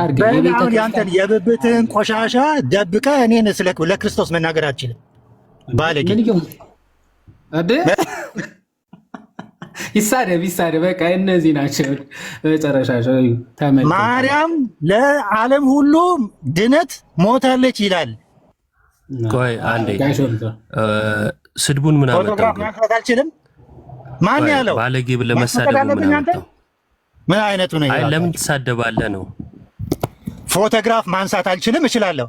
አሁን ያንተን የብብትህን ቆሻሻ ደብቀ እኔን ስለ ለክርስቶስ መናገር አልችልም። ባለጌ ይሳደብ ይሳደብ። በቃ እነዚህ ናቸው መጨረሻቸው። ማርያም ለዓለም ሁሉ ድነት ሞታለች ይላል። ቆይ አንዴ ስድቡን ምናምን ማስረት አልችልም። ማን ያለው ባለጌ ብለህ መሳደብ ምን አይነቱ ነው? ለምን ትሳደባለህ ነው ፎቶግራፍ ማንሳት አልችልም፣ እችላለሁ።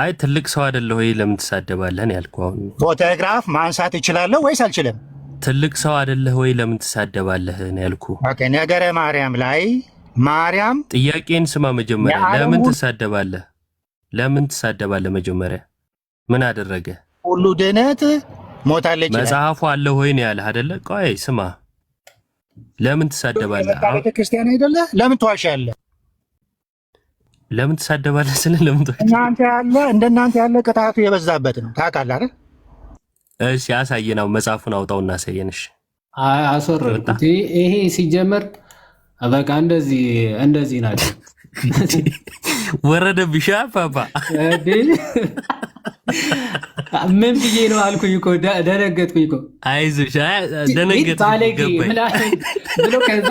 አይ ትልቅ ሰው አይደለሁ ወይ? ለምን ትሳደባለህ? ያልኩህ አሁን ፎቶግራፍ ማንሳት እችላለሁ ወይስ አልችልም? ትልቅ ሰው አይደለህ ወይ? ለምን ትሳደባለህ? ያልኩህ ነገረ ማርያም ላይ ማርያም ጥያቄን ስማ። መጀመሪያ ለምን ትሳደባለህ? ለምን ትሳደባለህ? መጀመሪያ ምን አደረገ? ሁሉ ድነት ሞታለች። መጽሐፉ አለ ወይን ያለ አደለ? አይደለ? ቆይ ስማ፣ ለምን ትሳደባለህ? ቤተክርስቲያን አይደለ? ለምን ትዋሻለህ? ለምን ትሳደባለህ? ስለ ለምን እናንተ ያለ እንደናንተ ያለ ቅጣቱ የበዛበት ነው። ታውቃለህ አይደል? እሺ አሳየን። አሁን መጽሐፉን አውጣውና አሳየንሽ። አሶር ይሄ ሲጀመር በቃ እንደዚህ እንደዚህ ናቸው። ወረደብሻ ፓፓ ምን ብዬ ነው አልኩኝ እኮ ደነገጥኩኝ እኮ አይዞሽ ደነገጥኩኝ ብሎ ከዛ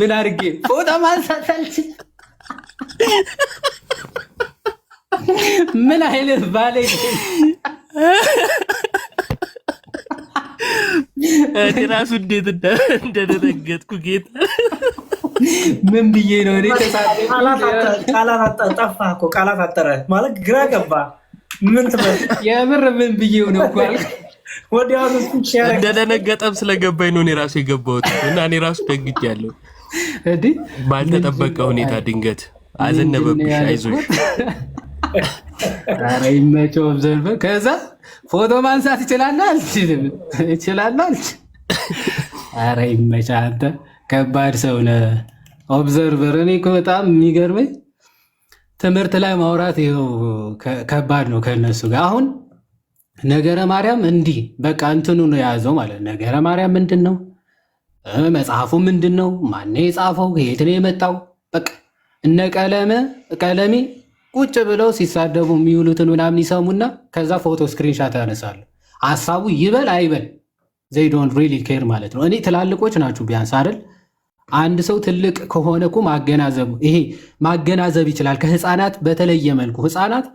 ምን አድርጌ ፎጣ ማንሳት አልችልም ምን አይነት ባለ እኔ እንዴት እንደደነገጥኩ ጌታ ምን ብዬ ነው? እኔ ቃላት ጠፋ እኮ ቃላት አጠረ ማለት ግራ ገባ። ምን ትበል የምር ምን ብዬው ነው እኮ ወዲያውኑ እንደደነገጠም ስለገባኝ ነው እኔ ራሱ የገባሁት እና እኔ ራሱ ደንግጬ ያለው ባልተጠበቀ ሁኔታ ድንገት አዘነበብሽ። አይዞሽ ኧረ ይመቸው ዘንፈ ከዛ ፎቶ ማንሳት ይችላል አልችልም ይችላል አልች ኧረ ይመቻ አንተ ከባድ ሰው ነህ። ኦብዘርቨር እኔ እኮ በጣም የሚገርመኝ ትምህርት ላይ ማውራት ይኸው ከባድ ነው ከነሱ ጋር አሁን ነገረ ማርያም እንዲህ በቃ እንትኑ ነው የያዘው ማለት ነገረ ማርያም ምንድን ነው መጽሐፉ ምንድን ነው ማነው የጻፈው ከየት ነው የመጣው በቃ እነ ቀለመ ቀለሚ ቁጭ ብለው ሲሳደቡ የሚውሉትን ምናምን ይሰሙና ከዛ ፎቶ ስክሪንሻት ያነሳሉ። ሀሳቡ ይበል አይበል ዘይ ዶንት ሪሊ ኬር ማለት ነው። እኔ ትላልቆች ናችሁ ቢያንስ አይደል? አንድ ሰው ትልቅ ከሆነ እኮ ማገናዘብ ይሄ ማገናዘብ ይችላል ከህፃናት በተለየ መልኩ። ህፃናት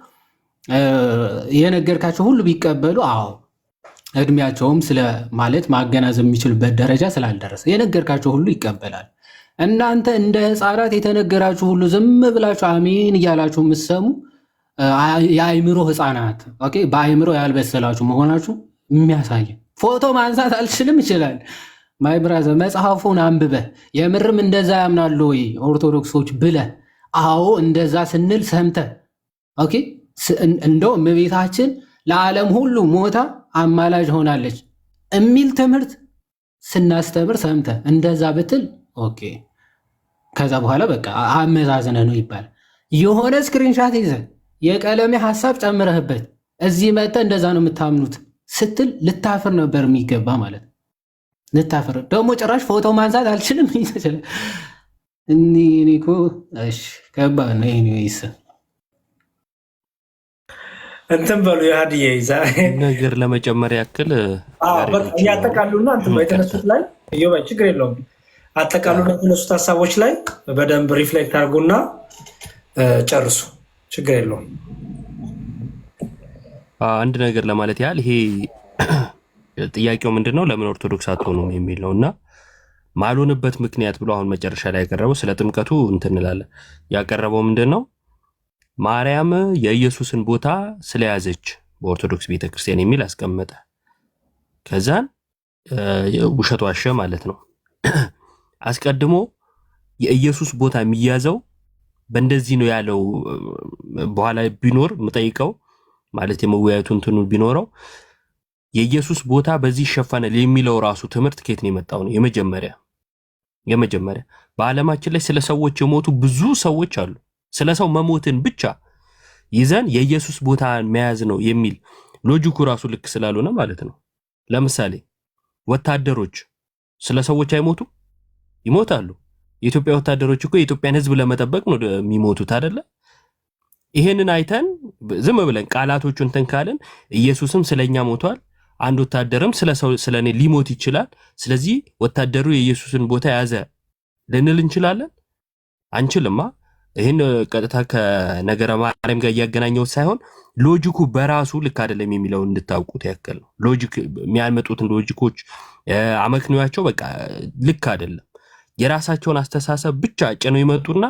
የነገርካቸው ሁሉ ቢቀበሉ አዎ እድሜያቸውም ስለ ማለት ማገናዘብ የሚችሉበት ደረጃ ስላልደረሰ የነገርካቸው ሁሉ ይቀበላል። እናንተ እንደ ህፃናት የተነገራችሁ ሁሉ ዝም ብላችሁ አሜን እያላችሁ የምትሰሙ የአእምሮ ህፃናት በአእምሮ ያልበሰላችሁ መሆናችሁ የሚያሳየ ፎቶ ማንሳት አልችልም ይችላል። ማይ መጽሐፉን አንብበ የምርም እንደዛ ያምናሉ ወይ ኦርቶዶክሶች ብለ አዎ እንደዛ ስንል ሰምተ እንደው እመቤታችን ለዓለም ሁሉ ሞታ አማላጅ ሆናለች የሚል ትምህርት ስናስተምር ሰምተ እንደዛ ብትል ኦኬ ከዛ በኋላ በቃ አመዛዝነ ነው ይባል። የሆነ ስክሪንሻት ይዘ የቀለሜ ሀሳብ ጨምረህበት እዚህ መጠ እንደዛ ነው የምታምኑት ስትል ልታፍር ነበር የሚገባ ማለት ልታፍር ደግሞ ጭራሽ ፎቶ ማንሳት አልችልም ይችላል። እኔ ከባድ ነው። ኤኒዌይስ እንትን በሉ የሀድዬ ይዛ ነገር ለመጨመር ያክል እያጠቃሉና የተነሱት ላይ ችግር የለውም አጠቃሉ ለተነሱት ሀሳቦች ላይ በደንብ ሪፍሌክት አድርጉና ጨርሱ። ችግር የለውም። አንድ ነገር ለማለት ያህል ይሄ ጥያቄው ምንድን ነው ለምን ኦርቶዶክስ አትሆኑም የሚል ነው እና ማልሆንበት ምክንያት ብሎ አሁን መጨረሻ ላይ ያቀረበው ስለ ጥምቀቱ እንትን እንላለን። ያቀረበው ምንድን ነው ማርያም የኢየሱስን ቦታ ስለያዘች በኦርቶዶክስ ቤተክርስቲያን የሚል አስቀመጠ። ከዛን ውሸት ዋሸ ማለት ነው። አስቀድሞ የኢየሱስ ቦታ የሚያዘው በእንደዚህ ነው ያለው። በኋላ ቢኖር የምጠይቀው ማለት የመወያየቱ እንትኑ ቢኖረው የኢየሱስ ቦታ በዚህ ይሸፈናል የሚለው ራሱ ትምህርት ከየት ነው የመጣው ነው የመጀመሪያ የመጀመሪያ በዓለማችን ላይ ስለ ሰዎች የሞቱ ብዙ ሰዎች አሉ። ስለ ሰው መሞትን ብቻ ይዘን የኢየሱስ ቦታ መያዝ ነው የሚል ሎጂኩ ራሱ ልክ ስላልሆነ ማለት ነው። ለምሳሌ ወታደሮች ስለ ሰዎች አይሞቱም። ይሞታሉ። የኢትዮጵያ ወታደሮች እኮ የኢትዮጵያን ህዝብ ለመጠበቅ ነው የሚሞቱት አደለ? ይሄንን አይተን ዝም ብለን ቃላቶቹን ትንካልን። ኢየሱስም ስለኛ ሞቷል። አንድ ወታደርም ስለሰው ስለኔ ሊሞት ይችላል። ስለዚህ ወታደሩ የኢየሱስን ቦታ ያዘ ልንል እንችላለን? አንችልማ። ይህን ቀጥታ ከነገረ ማርያም ጋር እያገናኘው ሳይሆን ሎጂኩ በራሱ ልክ አይደለም የሚለውን እንድታውቁት ያክል ነው። ሎጂክ የሚያመጡትን ሎጂኮች አመክንያቸው በቃ ልክ አይደለም። የራሳቸውን አስተሳሰብ ብቻ ጭነው ይመጡና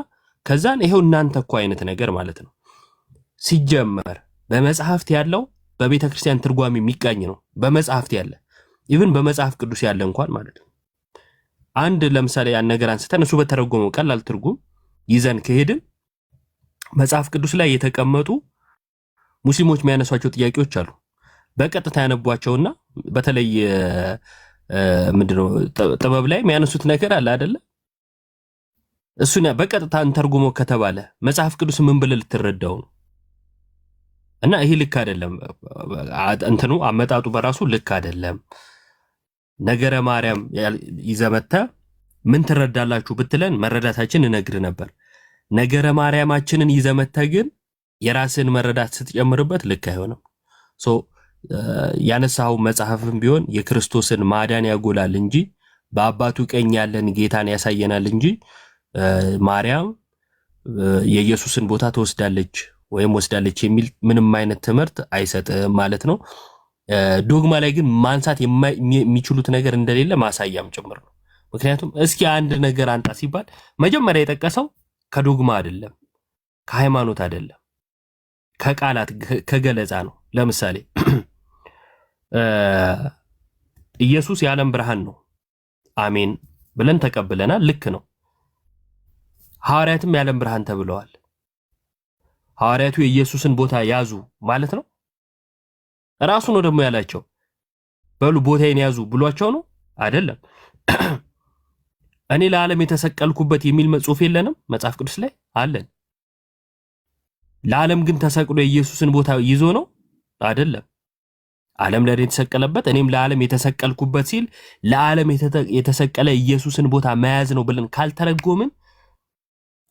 ከዛን ይሄው እናንተ እኮ አይነት ነገር ማለት ነው። ሲጀመር በመጽሐፍት ያለው በቤተ ክርስቲያን ትርጓሜ የሚቃኝ ነው። በመጽሐፍት ያለ ኢቭን በመጽሐፍ ቅዱስ ያለ እንኳን ማለት ነው። አንድ ለምሳሌ ያን ነገር አንስተን እሱ በተረጎመው ቀላል ትርጉም ይዘን ከሄድን መጽሐፍ ቅዱስ ላይ የተቀመጡ ሙስሊሞች የሚያነሷቸው ጥያቄዎች አሉ። በቀጥታ ያነቧቸውና በተለይ ምንድነው ጥበብ ላይ የሚያነሱት ነገር አለ አደለ? እሱን በቀጥታ ተርጉሞ ከተባለ መጽሐፍ ቅዱስ ምን ብለህ ልትረዳው ነው? እና ይሄ ልክ አይደለም። እንትኑ አመጣጡ በራሱ ልክ አይደለም። ነገረ ማርያም ይዘመተ ምን ትረዳላችሁ ብትለን መረዳታችን እነግር ነበር። ነገረ ማርያማችንን ይዘመተ ግን የራስን መረዳት ስትጨምርበት ልክ አይሆንም። ያነሳው መጽሐፍም ቢሆን የክርስቶስን ማዳን ያጎላል እንጂ በአባቱ ቀኝ ያለን ጌታን ያሳየናል እንጂ ማርያም የኢየሱስን ቦታ ትወስዳለች ወይም ወስዳለች የሚል ምንም አይነት ትምህርት አይሰጥም ማለት ነው። ዶግማ ላይ ግን ማንሳት የሚችሉት ነገር እንደሌለ ማሳያም ጭምር ነው። ምክንያቱም እስኪ አንድ ነገር አንጣ ሲባል መጀመሪያ የጠቀሰው ከዶግማ አይደለም፣ ከሃይማኖት አይደለም፣ ከቃላት ከገለጻ ነው። ለምሳሌ ኢየሱስ የዓለም ብርሃን ነው፣ አሜን ብለን ተቀብለናል። ልክ ነው። ሐዋርያትም የዓለም ብርሃን ተብለዋል። ሐዋርያቱ የኢየሱስን ቦታ ያዙ ማለት ነው። ራሱ ነው ደግሞ ያላቸው። በሉ ቦታዬን ያዙ ብሏቸው ነው አይደለም። እኔ ለዓለም የተሰቀልኩበት የሚል መጽሑፍ የለንም መጽሐፍ ቅዱስ ላይ አለን። ለዓለም ግን ተሰቅሎ የኢየሱስን ቦታ ይዞ ነው አይደለም። ዓለም ለእኔ የተሰቀለበት እኔም ለዓለም የተሰቀልኩበት ሲል ለዓለም የተሰቀለ ኢየሱስን ቦታ መያዝ ነው ብለን ካልተረጎምን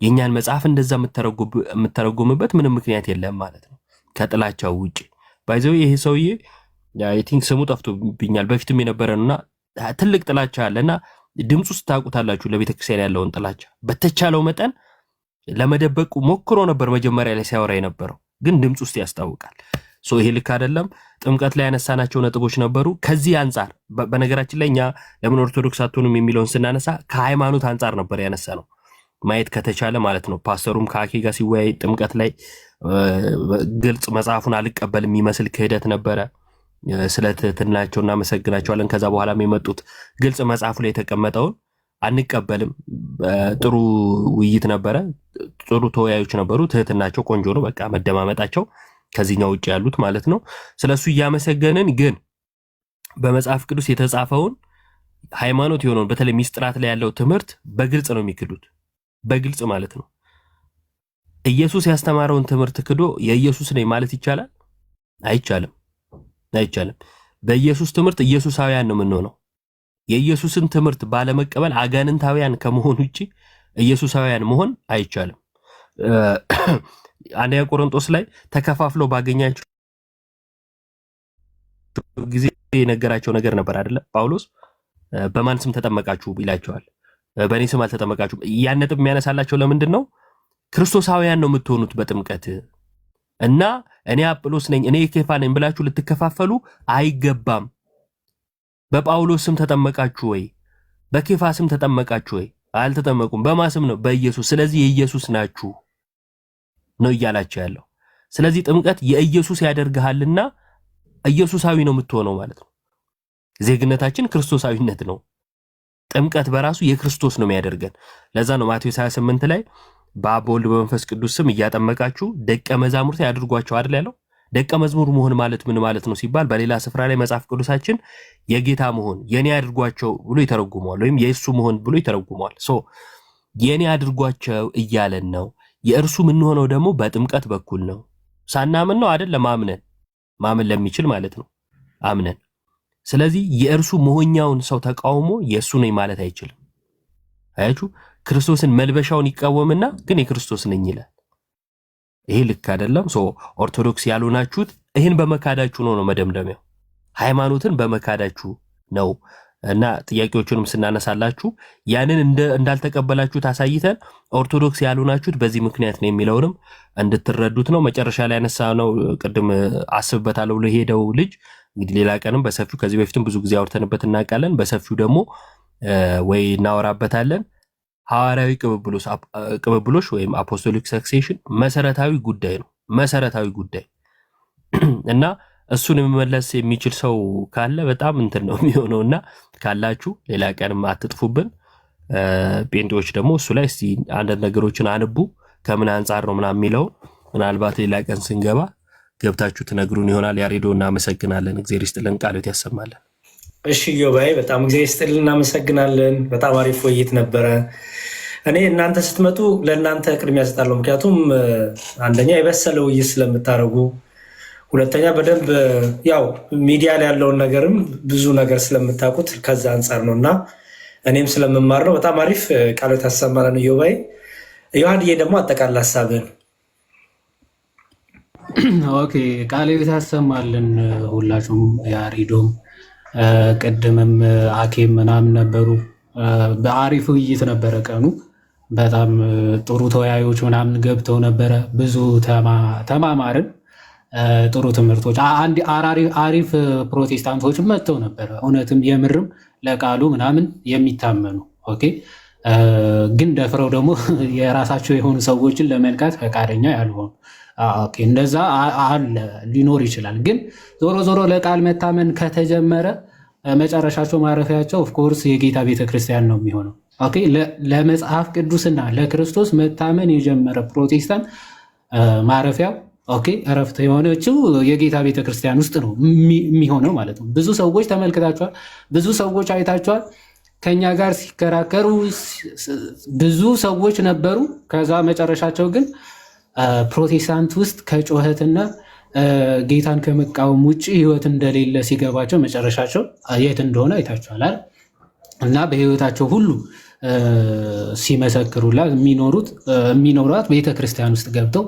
የእኛን መጽሐፍ እንደዛ የምተረጎምበት ምንም ምክንያት የለም ማለት ነው። ከጥላቻው ውጭ ባይዘው ይሄ ሰውዬ አይ ቲንክ ስሙ ጠፍቶብኛል። በፊትም የነበረና ትልቅ ጥላቻ አለና ድምፁ ስታውቁታላችሁ፣ ለቤተክርስቲያን ያለውን ጥላቻ በተቻለው መጠን ለመደበቁ ሞክሮ ነበር። መጀመሪያ ላይ ሲያወራ የነበረው ግን ድምፅ ውስጥ ያስታውቃል። ሶ ይሄ ልክ አይደለም። ጥምቀት ላይ ያነሳናቸው ነጥቦች ነበሩ። ከዚህ አንጻር በነገራችን ላይ እኛ ለምን ኦርቶዶክስ አትሆኑም የሚለውን ስናነሳ ከሃይማኖት አንጻር ነበር ያነሳ ነው ማየት ከተቻለ ማለት ነው። ፓስተሩም ከአኬ ጋር ሲወያይ ጥምቀት ላይ ግልጽ መጽሐፉን አልቀበል የሚመስል ክህደት ነበረ። ስለ ትህትናቸው እናመሰግናቸዋለን። ከዛ በኋላም የመጡት ግልጽ መጽሐፉ ላይ የተቀመጠውን አንቀበልም። ጥሩ ውይይት ነበረ። ጥሩ ተወያዮች ነበሩ። ትህትናቸው ቆንጆ ነው። በቃ መደማመጣቸው ከዚህኛው ውጭ ያሉት ማለት ነው። ስለሱ እያመሰገንን ግን በመጽሐፍ ቅዱስ የተጻፈውን ሃይማኖት የሆነውን በተለይ ሚስጥራት ላይ ያለው ትምህርት በግልጽ ነው የሚክዱት፣ በግልጽ ማለት ነው። ኢየሱስ ያስተማረውን ትምህርት ክዶ የኢየሱስ ነኝ ማለት ይቻላል? አይቻልም፣ አይቻልም። በኢየሱስ ትምህርት ኢየሱሳውያን ነው የምንሆነው። የኢየሱስን ትምህርት ባለመቀበል አጋንንታውያን ከመሆን ውጭ ኢየሱሳውያን መሆን አይቻልም። አንደኛ ቆሮንጦስ ላይ ተከፋፍሎ ባገኛቸው ጊዜ የነገራቸው ነገር ነበር አይደለም። ጳውሎስ በማን ስም ተጠመቃችሁ ይላቸዋል። በእኔ ስም አልተጠመቃችሁም። ያን ነጥብ የሚያነሳላቸው ለምንድን ነው? ክርስቶሳውያን ነው የምትሆኑት በጥምቀት እና እኔ አጵሎስ ነኝ እኔ ኬፋ ነኝ ብላችሁ ልትከፋፈሉ አይገባም። በጳውሎስ ስም ተጠመቃችሁ ወይ? በኬፋ ስም ተጠመቃችሁ ወይ? አልተጠመቁም። በማ ስም ነው? በኢየሱስ። ስለዚህ የኢየሱስ ናችሁ። ነው እያላቸው ያለው። ስለዚህ ጥምቀት የኢየሱስ ያደርግሃልና ኢየሱሳዊ ነው የምትሆነው ማለት ነው። ዜግነታችን ክርስቶሳዊነት ነው። ጥምቀት በራሱ የክርስቶስ ነው የሚያደርገን። ለዛ ነው ማቴዎስ 28 ላይ በአብ በወልድ በመንፈስ ቅዱስ ስም እያጠመቃችሁ ደቀ መዛሙርት ያድርጓቸው አይደል ያለው። ደቀ መዝሙር መሆን ማለት ምን ማለት ነው ሲባል በሌላ ስፍራ ላይ መጽሐፍ ቅዱሳችን የጌታ መሆን የኔ አድርጓቸው ብሎ ይተረጉመዋል፣ ወይም የእሱ መሆን ብሎ ይተረጉመዋል። ሶ የኔ አድርጓቸው እያለን ነው። የእርሱ የምንሆነው ደግሞ በጥምቀት በኩል ነው። ሳናምን ነው አይደለም፣ አምነን ማመን ለሚችል ማለት ነው አምነን። ስለዚህ የእርሱ መሆኛውን ሰው ተቃውሞ የእሱ ነኝ ማለት አይችልም። አያችሁ፣ ክርስቶስን መልበሻውን ይቃወምና ግን የክርስቶስ ነኝ ይላል። ይሄ ልክ አይደለም። ሶ ኦርቶዶክስ ያልሆናችሁት ይህን በመካዳችሁ ነው ነው መደምደሚያው። ሃይማኖትን በመካዳችሁ ነው እና ጥያቄዎቹንም ስናነሳላችሁ ያንን እንዳልተቀበላችሁት አሳይተን ኦርቶዶክስ ያልሆናችሁት በዚህ ምክንያት ነው የሚለውንም እንድትረዱት ነው። መጨረሻ ላይ ያነሳ ነው ቅድም አስብበታለሁ ብሎ የሄደው ልጅ እንግዲህ ሌላ ቀንም በሰፊው ከዚህ በፊትም ብዙ ጊዜ አውርተንበት እናውቃለን። በሰፊው ደግሞ ወይ እናወራበታለን። ሐዋርያዊ ቅብብሎች ወይም አፖስቶሊክ ሰክሴሽን መሰረታዊ ጉዳይ ነው። መሰረታዊ ጉዳይ እና እሱን የመመለስ የሚችል ሰው ካለ በጣም እንትን ነው የሚሆነው። እና ካላችሁ ሌላ ቀንም አትጥፉብን። ጴንጤዎች ደግሞ እሱ ላይ እስቲ አንዳንድ ነገሮችን አንቡ፣ ከምን አንጻር ነው ምናምን የሚለውን ምናልባት ሌላ ቀን ስንገባ ገብታችሁ ትነግሩን ይሆናል። ያሬዶ እናመሰግናለን። እግዚአብሔር ይስጥልን፣ ቃሎት ያሰማለን። እሺ ዮባይ በጣም እግዚአብሔር ይስጥልን፣ እናመሰግናለን። በጣም አሪፍ ውይይት ነበረ። እኔ እናንተ ስትመጡ ለእናንተ ቅድሚያ እሰጣለሁ፣ ምክንያቱም አንደኛ የበሰለ ውይይት ስለምታደርጉ ሁለተኛ በደንብ ያው ሚዲያ ላይ ያለውን ነገርም ብዙ ነገር ስለምታውቁት ከዛ አንጻር ነው እና እኔም ስለምማር ነው። በጣም አሪፍ ቃሎ ታሰማለን። ዮባይ ዮሐንዬ ደግሞ አጠቃላይ ሀሳብን ኦኬ ቃሌ ታሰማልን ሁላችሁም። ያሪዶም ቅድምም አኬም ምናምን ነበሩ። በአሪፍ ውይይት ነበረ ቀኑ። በጣም ጥሩ ተወያዮች ምናምን ገብተው ነበረ። ብዙ ተማማርን። ጥሩ ትምህርቶች አሪፍ ፕሮቴስታንቶች መጥተው ነበረ። እውነትም የምርም ለቃሉ ምናምን የሚታመኑ ኦኬ፣ ግን ደፍረው ደግሞ የራሳቸው የሆኑ ሰዎችን ለመንካት ፈቃደኛ ያልሆኑ እንደዛ አለ ሊኖር ይችላል። ግን ዞሮ ዞሮ ለቃል መታመን ከተጀመረ መጨረሻቸው ማረፊያቸው ኦፍኮርስ የጌታ ቤተክርስቲያን ነው የሚሆነው። ኦኬ ለመጽሐፍ ቅዱስና ለክርስቶስ መታመን የጀመረ ፕሮቴስታንት ማረፊያው ኦኬ እረፍት የሆነችው የጌታ ቤተክርስቲያን ውስጥ ነው የሚሆነው ማለት ነው። ብዙ ሰዎች ተመልክታችኋል፣ ብዙ ሰዎች አይታችኋል። ከኛ ጋር ሲከራከሩ ብዙ ሰዎች ነበሩ። ከዛ መጨረሻቸው ግን ፕሮቴስታንት ውስጥ ከጩኸትና ጌታን ከመቃወም ውጭ ህይወት እንደሌለ ሲገባቸው መጨረሻቸው የት እንደሆነ አይታችኋል። እና በህይወታቸው ሁሉ ሲመሰክሩላት የሚኖሩት የሚኖሯት ቤተክርስቲያን ውስጥ ገብተው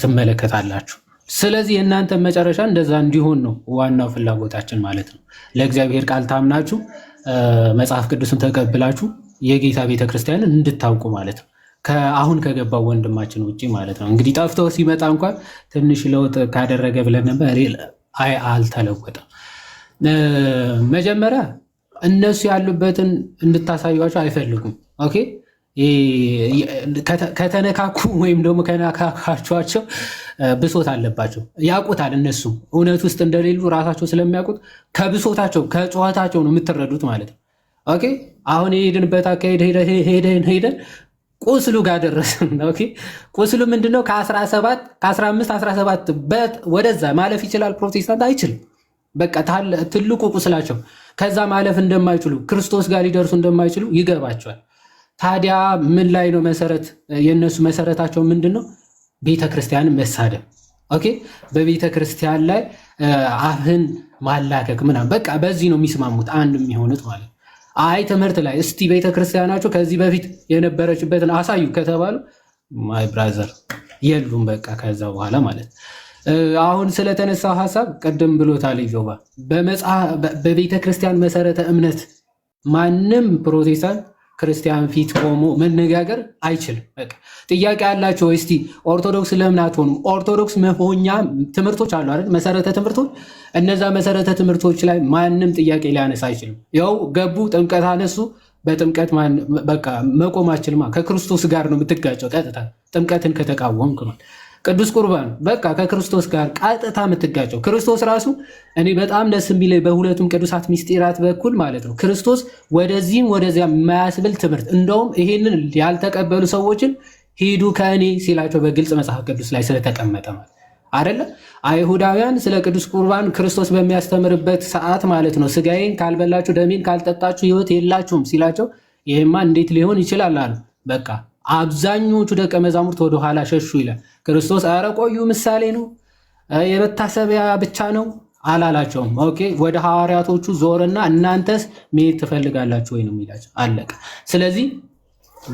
ትመለከታላችሁ። ስለዚህ የእናንተ መጨረሻ እንደዛ እንዲሆን ነው ዋናው ፍላጎታችን ማለት ነው። ለእግዚአብሔር ቃል ታምናችሁ መጽሐፍ ቅዱስን ተቀብላችሁ የጌታ ቤተክርስቲያንን እንድታውቁ ማለት ነው። ከአሁን ከገባው ወንድማችን ውጭ ማለት ነው። እንግዲህ ጠፍቶ ሲመጣ እንኳን ትንሽ ለውጥ ካደረገ ብለን ነበር። አይ አልተለወጠም። መጀመሪያ እነሱ ያሉበትን እንድታሳዩቸው አይፈልጉም። ኦኬ ከተነካኩ ወይም ደግሞ ከነካካቸዋቸው ብሶት አለባቸው። ያውቁታል፣ እነሱ እውነት ውስጥ እንደሌሉ ራሳቸው ስለሚያውቁት ከብሶታቸው ከጨዋታቸው ነው የምትረዱት ማለት ነው። ኦኬ አሁን የሄድንበት አካሄድ ሄደን ሄደን ቁስሉ ጋር ደረስን። ቁስሉ ምንድነው? ከ17 ከ15 17 በት ወደዛ ማለፍ ይችላል ፕሮቴስታንት አይችልም። በቃ ትልቁ ቁስላቸው ከዛ ማለፍ እንደማይችሉ ክርስቶስ ጋር ሊደርሱ እንደማይችሉ ይገባቸዋል። ታዲያ ምን ላይ ነው መሰረት? የእነሱ መሰረታቸው ምንድን ነው? ቤተ መሳደብ። ኦኬ፣ በቤተ ክርስቲያን ላይ አፍህን ማላከክ ምናምን፣ በቃ በዚህ ነው የሚስማሙት አንድ የሚሆኑት ማለት። አይ ትምህርት ላይ እስቲ ቤተ ክርስቲያናቸው ከዚህ በፊት የነበረችበትን አሳዩ ከተባሉ ማይ ብራዘር የሉም፣ በቃ ከዛ በኋላ ማለት አሁን ስለተነሳው ሀሳብ ቅድም ብሎታል ጆባ በቤተ ክርስቲያን መሰረተ እምነት ማንም ፕሮቴስታንት ክርስቲያን ፊት ቆሞ መነጋገር አይችልም። በቃ ጥያቄ ያላቸው እስቲ ኦርቶዶክስ ለምን አትሆኑም? ኦርቶዶክስ መሆኛ ትምህርቶች አሉ አይደል? መሰረተ ትምህርቶች። እነዛ መሰረተ ትምህርቶች ላይ ማንም ጥያቄ ሊያነሳ አይችልም። ያው ገቡ፣ ጥምቀት አነሱ። በጥምቀት በቃ መቆም አችልማ። ከክርስቶስ ጋር ነው የምትጋጨው። ቀጥታ ጥምቀትን ከተቃወምክ ማለት ቅዱስ ቁርባን በቃ ከክርስቶስ ጋር ቀጥታ የምትጋጨው ክርስቶስ ራሱ እኔ በጣም ደስ የሚለኝ በሁለቱም ቅዱሳት ሚስጢራት በኩል ማለት ነው። ክርስቶስ ወደዚህም ወደዚያ የማያስብል ትምህርት እንደውም ይሄንን ያልተቀበሉ ሰዎችን ሂዱ ከእኔ ሲላቸው በግልጽ መጽሐፍ ቅዱስ ላይ ስለተቀመጠ ማለት አደለ አይሁዳውያን ስለ ቅዱስ ቁርባን ክርስቶስ በሚያስተምርበት ሰዓት ማለት ነው ስጋዬን ካልበላችሁ ደሜን ካልጠጣችሁ ህይወት የላችሁም ሲላቸው ይሄማ እንዴት ሊሆን ይችላል አሉ። በቃ አብዛኞቹ ደቀ መዛሙርት ወደኋላ ሸሹ ይላል። ክርስቶስ አረ ቆዩ ምሳሌ ነው የመታሰቢያ ብቻ ነው አላላቸውም። ኦኬ ወደ ሐዋርያቶቹ ዞርና እናንተስ መሄድ ትፈልጋላችሁ ወይ ነው የሚላቸው። አለቀ። ስለዚህ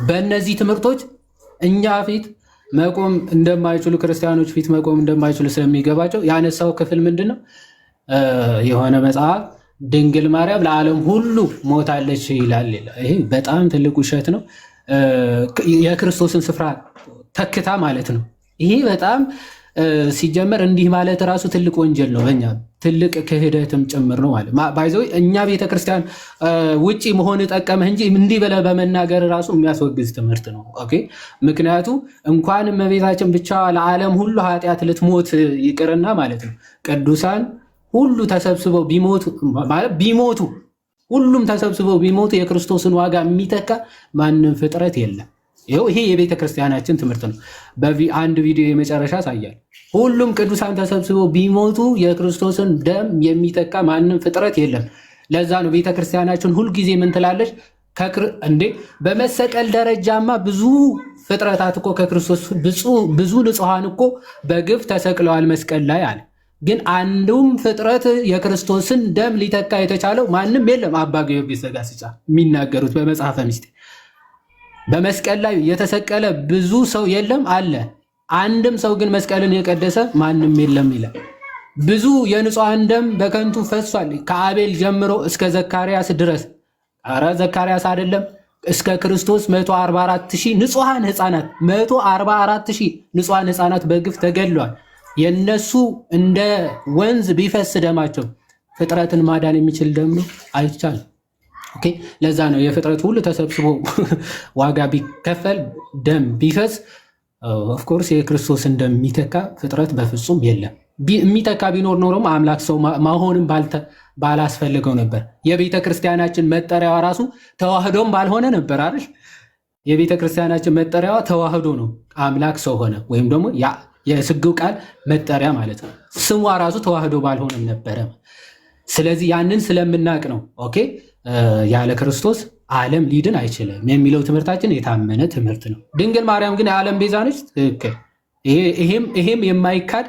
በእነዚህ ትምህርቶች እኛ ፊት መቆም እንደማይችሉ ክርስቲያኖች ፊት መቆም እንደማይችሉ ስለሚገባቸው ያነሳው ክፍል ምንድን ነው? የሆነ መጽሐፍ ድንግል ማርያም ለዓለም ሁሉ ሞታለች ይላል። ይሄ በጣም ትልቅ ውሸት ነው። የክርስቶስን ስፍራ ተክታ ማለት ነው። ይሄ በጣም ሲጀመር እንዲህ ማለት ራሱ ትልቅ ወንጀል ነው። በእኛ ትልቅ ክህደትም ጭምር ነው ማለት ባይዘ እኛ ቤተክርስቲያን ውጪ መሆን ጠቀመህ እንጂ እንዲህ ብለህ በመናገር ራሱ የሚያስወግዝ ትምህርት ነው። ኦኬ ምክንያቱ እንኳን እመቤታችን ብቻ ለዓለም ሁሉ ኃጢአት ልትሞት ይቅርና ማለት ነው ቅዱሳን ሁሉ ተሰብስበው ቢሞቱ ሁሉም ተሰብስበው ቢሞቱ የክርስቶስን ዋጋ የሚተካ ማንም ፍጥረት የለም። ይኸው ይሄ የቤተ ክርስቲያናችን ትምህርት ነው። በአንድ ቪዲዮ የመጨረሻ ያሳያል። ሁሉም ቅዱሳን ተሰብስበው ቢሞቱ የክርስቶስን ደም የሚተካ ማንም ፍጥረት የለም። ለዛ ነው ቤተ ክርስቲያናችን ሁልጊዜ ምን ትላለች? እንዴ በመሰቀል ደረጃማ ብዙ ፍጥረታት እኮ ከክርስቶስ ብዙ ንጹሐን እኮ በግፍ ተሰቅለዋል መስቀል ላይ አለ። ግን አንዱም ፍጥረት የክርስቶስን ደም ሊተካ የተቻለው ማንም የለም። አባ ጊዮርጊስ ዘጋስጫ የሚናገሩት በመጽሐፈ ሚስት በመስቀል ላይ የተሰቀለ ብዙ ሰው የለም አለ። አንድም ሰው ግን መስቀልን የቀደሰ ማንም የለም ይላል። ብዙ የንጹሐን ደም በከንቱ ፈሷል፣ ከአቤል ጀምሮ እስከ ዘካርያስ ድረስ። አረ ዘካርያስ አይደለም እስከ ክርስቶስ 144 ሺህ ንጹሐን ህፃናት 144 ሺህ ንጹሐን ህፃናት በግፍ ተገድለዋል። የነሱ እንደ ወንዝ ቢፈስ ደማቸው ፍጥረትን ማዳን የሚችል ደም ነው? አይቻልም። ኦኬ ለዛ ነው የፍጥረት ሁሉ ተሰብስቦ ዋጋ ቢከፈል ደም ቢፈስ ኦፍኮርስ የክርስቶስ እንደሚተካ ፍጥረት በፍጹም የለም። የሚተካ ቢኖር ኖሮም አምላክ ሰው መሆንም ባላስፈልገው ነበር። የቤተ ክርስቲያናችን መጠሪያዋ ራሱ ተዋህዶም ባልሆነ ነበር አይደል? የቤተ ክርስቲያናችን መጠሪያዋ ተዋህዶ ነው። አምላክ ሰው ሆነ ወይም ደግሞ የስግው ቃል መጠሪያ ማለት ነው። ስሟ ራሱ ተዋህዶ ባልሆነም ነበረ። ስለዚህ ያንን ስለምናቅ ነው ኦኬ ያለ ክርስቶስ ዓለም ሊድን አይችልም የሚለው ትምህርታችን የታመነ ትምህርት ነው። ድንግል ማርያም ግን የዓለም ቤዛ ነች። ትክክል። ይሄም የማይካድ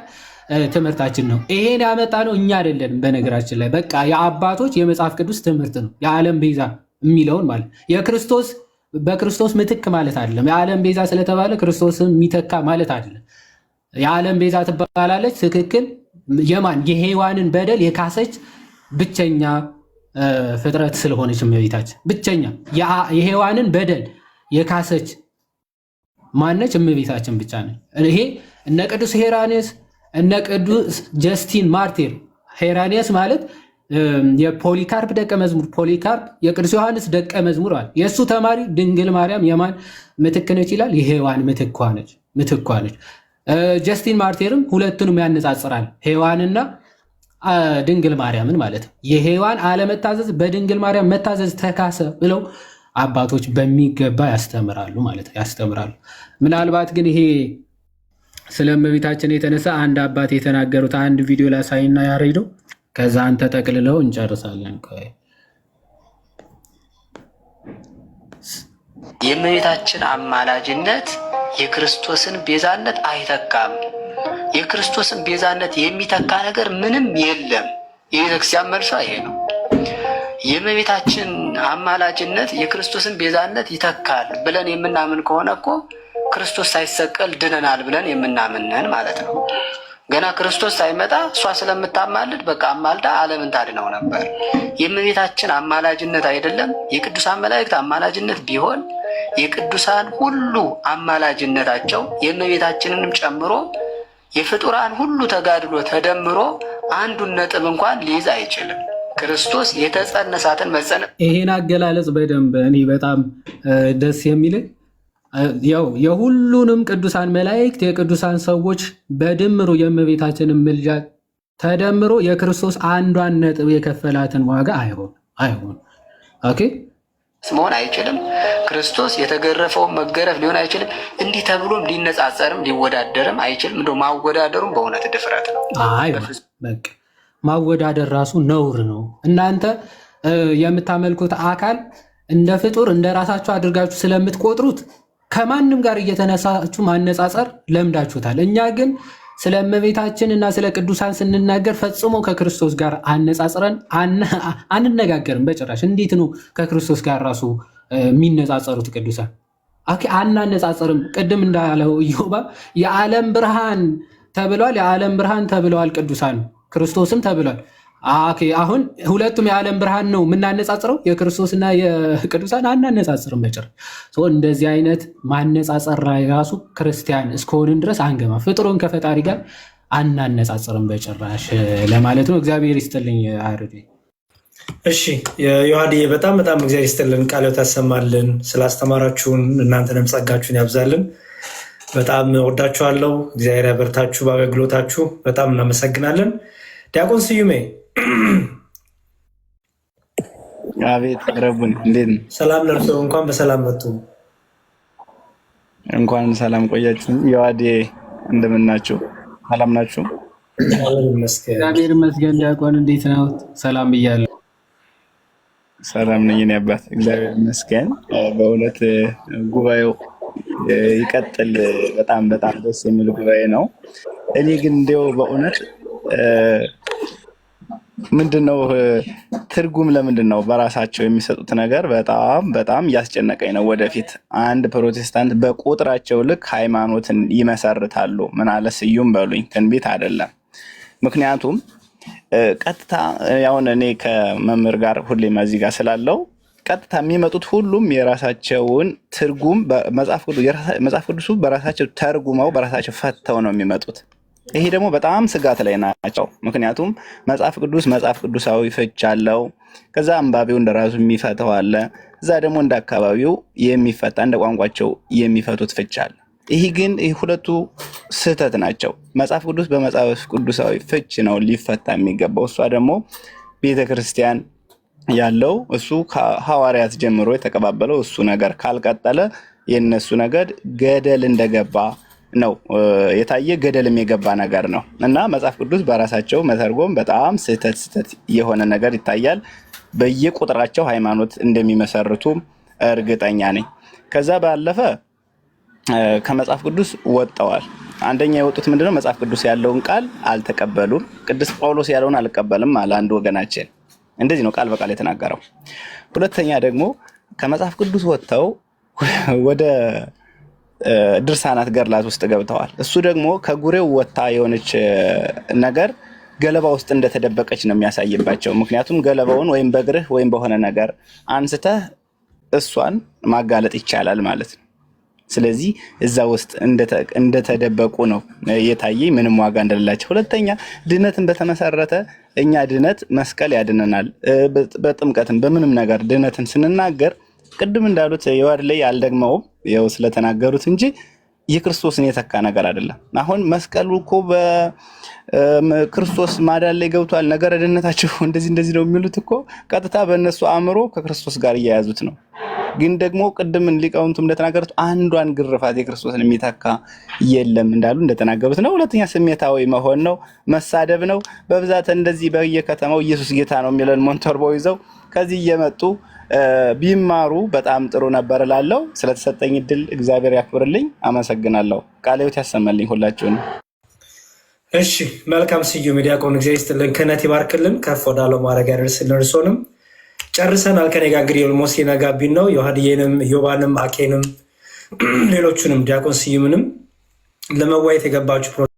ትምህርታችን ነው። ይሄን ያመጣ ነው እኛ አይደለንም። በነገራችን ላይ በቃ የአባቶች የመጽሐፍ ቅዱስ ትምህርት ነው። የዓለም ቤዛ የሚለውን ማለት የክርስቶስ በክርስቶስ ምትክ ማለት አይደለም። የዓለም ቤዛ ስለተባለ ክርስቶስን የሚተካ ማለት አይደለም። የዓለም ቤዛ ትባላለች። ትክክል። የማን የሔዋንን በደል የካሰች ብቸኛ ፍጥረት ስለሆነች እመቤታችን ብቸኛ የሔዋንን በደል የካሰች ማነች? እመቤታችን ብቻ ነ ይሄ እነ ቅዱስ ሄራኔስ እነ ቅዱስ ጀስቲን ማርቲር ሄራኔስ ማለት የፖሊካርፕ ደቀ መዝሙር ፖሊካርፕ የቅዱስ ዮሐንስ ደቀ መዝሙር አለ። የእሱ ተማሪ ድንግል ማርያም የማን ምትክ ነች ይላል? የሔዋን ምትኳ ነች። ጀስቲን ማርቴርም ሁለቱንም ያነጻጽራል ሔዋንና ድንግል ማርያምን ማለት ነው። የሔዋን አለመታዘዝ በድንግል ማርያም መታዘዝ ተካሰ ብለው አባቶች በሚገባ ያስተምራሉ ማለት ነው ያስተምራሉ። ምናልባት ግን ይሄ ስለ እመቤታችን የተነሳ አንድ አባት የተናገሩት አንድ ቪዲዮ ላሳይና ያሬዶ ከዛ አንተ ጠቅልለው እንጨርሳለን። የእመቤታችን አማላጅነት የክርስቶስን ቤዛነት አይተካም። የክርስቶስን ቤዛነት የሚተካ ነገር ምንም የለም። የቤተክርስቲያን መልሷ ይሄ ነው። የእመቤታችን አማላጅነት የክርስቶስን ቤዛነት ይተካል ብለን የምናምን ከሆነ እኮ ክርስቶስ ሳይሰቀል ድነናል ብለን የምናምንን ማለት ነው። ገና ክርስቶስ ሳይመጣ እሷ ስለምታማልድ በቃ አማልዳ ዓለምን ታድነው ነበር። የእመቤታችን አማላጅነት አይደለም የቅዱሳን መላእክት አማላጅነት ቢሆን የቅዱሳን ሁሉ አማላጅነታቸው የእመቤታችንንም ጨምሮ የፍጡራን ሁሉ ተጋድሎ ተደምሮ አንዱን ነጥብ እንኳን ሊይዝ አይችልም። ክርስቶስ የተጸነሳትን መጸነ ይሄን አገላለጽ በደንብ እኔ በጣም ደስ የሚልኝ ያው የሁሉንም ቅዱሳን መላእክት የቅዱሳን ሰዎች በድምሩ የእመቤታችንን ምልጃ ተደምሮ የክርስቶስ አንዷን ነጥብ የከፈላትን ዋጋ አይሆን አይሆን ኦኬ መሆን አይችልም። ክርስቶስ የተገረፈውን መገረፍ ሊሆን አይችልም። እንዲህ ተብሎም ሊነጻጸርም ሊወዳደርም አይችልም። እንደው ማወዳደሩም በእውነት ድፍረት ነው። አይ ማወዳደር ራሱ ነውር ነው። እናንተ የምታመልኩት አካል እንደ ፍጡር እንደ ራሳችሁ አድርጋችሁ ስለምትቆጥሩት ከማንም ጋር እየተነሳችሁ ማነጻጸር ለምዳችሁታል። እኛ ግን ስለ እመቤታችን እና ስለ ቅዱሳን ስንናገር ፈጽሞ ከክርስቶስ ጋር አነጻጽረን አንነጋገርም። በጭራሽ እንዴት ነው ከክርስቶስ ጋር ራሱ የሚነጻጸሩት ቅዱሳን? አናነጻጽርም። ቅድም እንዳለው ኢዮባ የዓለም ብርሃን ተብሏል የዓለም ብርሃን ተብለዋል፣ ቅዱሳን ክርስቶስም ተብሏል። አሁን ሁለቱም የዓለም ብርሃን ነው የምናነጻጽረው፣ የክርስቶስና የቅዱሳን አናነጻጽርም። መጭር እንደዚህ አይነት ማነጻጸር ራሱ ክርስቲያን እስከሆንን ድረስ አንገማ ፍጥሮን ከፈጣሪ ጋር አናነጻጽርም በጭራሽ ለማለት ነው። እግዚአብሔር ይስጥልኝ። አርዴ እሺ፣ ዮሐድዬ በጣም በጣም እግዚአብሔር ይስጥልን፣ ቃሎት ያሰማልን፣ ስላስተማራችሁን እናንተንም ጸጋችሁን ያብዛልን። በጣም ወዳችኋለሁ። እግዚአብሔር ያበርታችሁ በአገልግሎታችሁ። በጣም እናመሰግናለን። ዲያቆን ስዩሜ አቤት ረቡን እንዴት ነው? ሰላም ለርሶ። እንኳን በሰላም መጡ። እንኳን ሰላም ቆያችሁ። የዋዴ እንደምን ናችሁ? ሰላም ናችሁ? እግዚአብሔር ይመስገን። ዲያቆን እንዴት ነው? ሰላም ብያለሁ። ሰላም ነኝ እኔ አባት፣ እግዚአብሔር ይመስገን። በእውነት ጉባኤው ይቀጥል። በጣም በጣም ደስ የሚል ጉባኤ ነው። እኔ ግን እንዲያው በእውነት ምንድነው ትርጉም ለምንድን ነው በራሳቸው የሚሰጡት ነገር በጣም በጣም እያስጨነቀኝ ነው። ወደፊት አንድ ፕሮቴስታንት በቁጥራቸው ልክ ሃይማኖትን ይመሰርታሉ። ምን አለ ስዩም በሉኝ፣ ትንቢት አይደለም። ምክንያቱም ቀጥታ ያሁን እኔ ከመምህር ጋር ሁሌም እዚህ ጋር ስላለው ቀጥታ የሚመጡት ሁሉም የራሳቸውን ትርጉም መጽሐፍ ቅዱሱ በራሳቸው ተርጉመው በራሳቸው ፈተው ነው የሚመጡት። ይሄ ደግሞ በጣም ስጋት ላይ ናቸው። ምክንያቱም መጽሐፍ ቅዱስ መጽሐፍ ቅዱሳዊ ፍች አለው። ከዛ አንባቢው እንደራሱ የሚፈተው አለ። እዛ ደግሞ እንደ አካባቢው የሚፈታ እንደ ቋንቋቸው የሚፈቱት ፍች አለ። ይህ ግን ሁለቱ ስህተት ናቸው። መጽሐፍ ቅዱስ በመጽሐፍ ቅዱሳዊ ፍች ነው ሊፈታ የሚገባው። እሷ ደግሞ ቤተክርስቲያን ያለው እሱ ከሐዋርያት ጀምሮ የተቀባበለው እሱ ነገር ካልቀጠለ የእነሱ ነገድ ገደል እንደገባ ነው የታየ ገደልም የገባ ነገር ነው እና መጽሐፍ ቅዱስ በራሳቸው መተርጎም በጣም ስህተት ስህተት የሆነ ነገር ይታያል። በየቁጥራቸው ሃይማኖት እንደሚመሰርቱ እርግጠኛ ነኝ። ከዛ ባለፈ ከመጽሐፍ ቅዱስ ወጥተዋል። አንደኛ የወጡት ምንድነው? መጽሐፍ ቅዱስ ያለውን ቃል አልተቀበሉም። ቅዱስ ጳውሎስ ያለውን አልቀበልም አለ አንድ ወገናችን። እንደዚህ ነው ቃል በቃል የተናገረው። ሁለተኛ ደግሞ ከመጽሐፍ ቅዱስ ወጥተው ወደ ድርሳናት ገድላት ውስጥ ገብተዋል። እሱ ደግሞ ከጉሬው ወታ የሆነች ነገር ገለባ ውስጥ እንደተደበቀች ነው የሚያሳይባቸው። ምክንያቱም ገለባውን ወይም በእግርህ ወይም በሆነ ነገር አንስተህ እሷን ማጋለጥ ይቻላል ማለት ነው። ስለዚህ እዛ ውስጥ እንደተደበቁ ነው የታየኝ፣ ምንም ዋጋ እንደሌላቸው። ሁለተኛ ድነትን በተመሰረተ እኛ ድነት መስቀል ያድነናል፣ በጥምቀትም በምንም ነገር ድነትን ስንናገር ቅድም እንዳሉት የዋድ ላይ አልደግመውም ው ስለተናገሩት እንጂ የክርስቶስን የተካ ነገር አይደለም። አሁን መስቀሉ እኮ በክርስቶስ ማዳን ላይ ገብቷል፣ ነገረ ድነታቸው እንደዚህ እንደዚህ ነው የሚሉት እኮ ቀጥታ በእነሱ አእምሮ ከክርስቶስ ጋር እያያዙት ነው። ግን ደግሞ ቅድም ሊቃውንቱ እንደተናገሩት አንዷን ግርፋት የክርስቶስን የሚተካ የለም እንዳሉ እንደተናገሩት ነው። ሁለተኛ ስሜታዊ መሆን ነው፣ መሳደብ ነው። በብዛት እንደዚህ በየከተማው ኢየሱስ ጌታ ነው የሚለን ሞንተርቦ ይዘው ከዚህ እየመጡ ቢማሩ በጣም ጥሩ ነበር እላለሁ። ስለተሰጠኝ እድል እግዚአብሔር ያክብርልኝ። አመሰግናለሁ። ቃለ ሕይወት ያሰማልኝ ሁላችሁን። እሺ መልካም ስዩም ዲያቆን እግዚአብሔር ይስጥልን፣ ክህነት ይባርክልን፣ ከፍ ወዳለው ማድረግ ያደርስልን። እርሶንም ጨርሰናል። ከኔ ጋር እንግዲህ ኦልሞስት የነጋቢን ነው ዮሐድዬንም ዮባንም አኬንም ሌሎቹንም ዲያቆን ስዩምንም ለመዋየት የገባችሁ